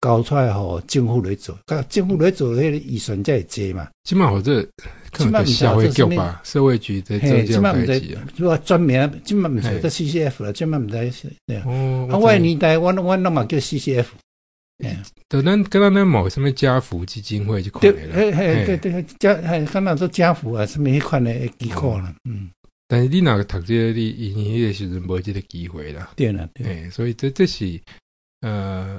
交出來吼，政府來做，噶政府來做，迄個預算真係濟嘛。起碼我這，起碼社會局，社會局這真嘛唔得。如果專門，起碼唔得個 CCF 啦，專門唔得是。哦。啊，往年代我我弄嘛叫 CCF，嗯，可能可能那某什麼家福基金會就可能了。哎哎對對家哎，可能都家福啊，上面一塊呢，機構了。嗯。但是你哪個讀這的，以前個，時候沒這個機會了。對啊。哎，所以這這是，呃。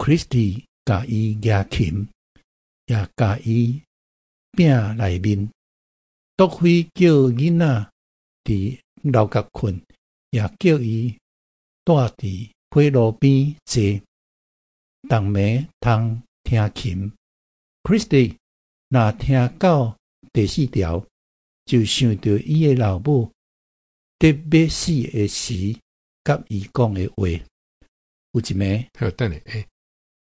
Christy 甲伊夾琴，也甲伊摒內面，都會叫囝仔佇樓角困，也叫伊住佇花路邊坐，逐暝通聽琴。Christy 若聽到第四條，就想到伊嘅老母得咩事嘅時，甲伊講嘅話。有一暝，好等咧，誒。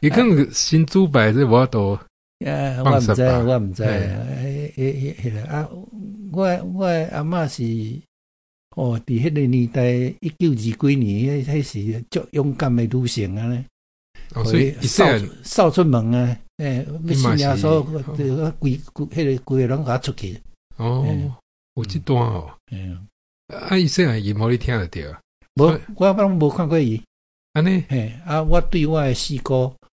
伊講，新主擺，我都，誒，我毋知，我毋知，誒迄個啊，我我阿媽是，哦，佇迄個年代，一九二幾年，迄時足勇敢誒女性啊，所以少少出門啊，誒，咩新亞所，我個規規，迄個規個攏甲出去，哦，有一段哦，誒，啊伊說，啊伊無，咧聽下啲啊，無，我攏無看過伊，阿呢，啊，我對我誒四哥。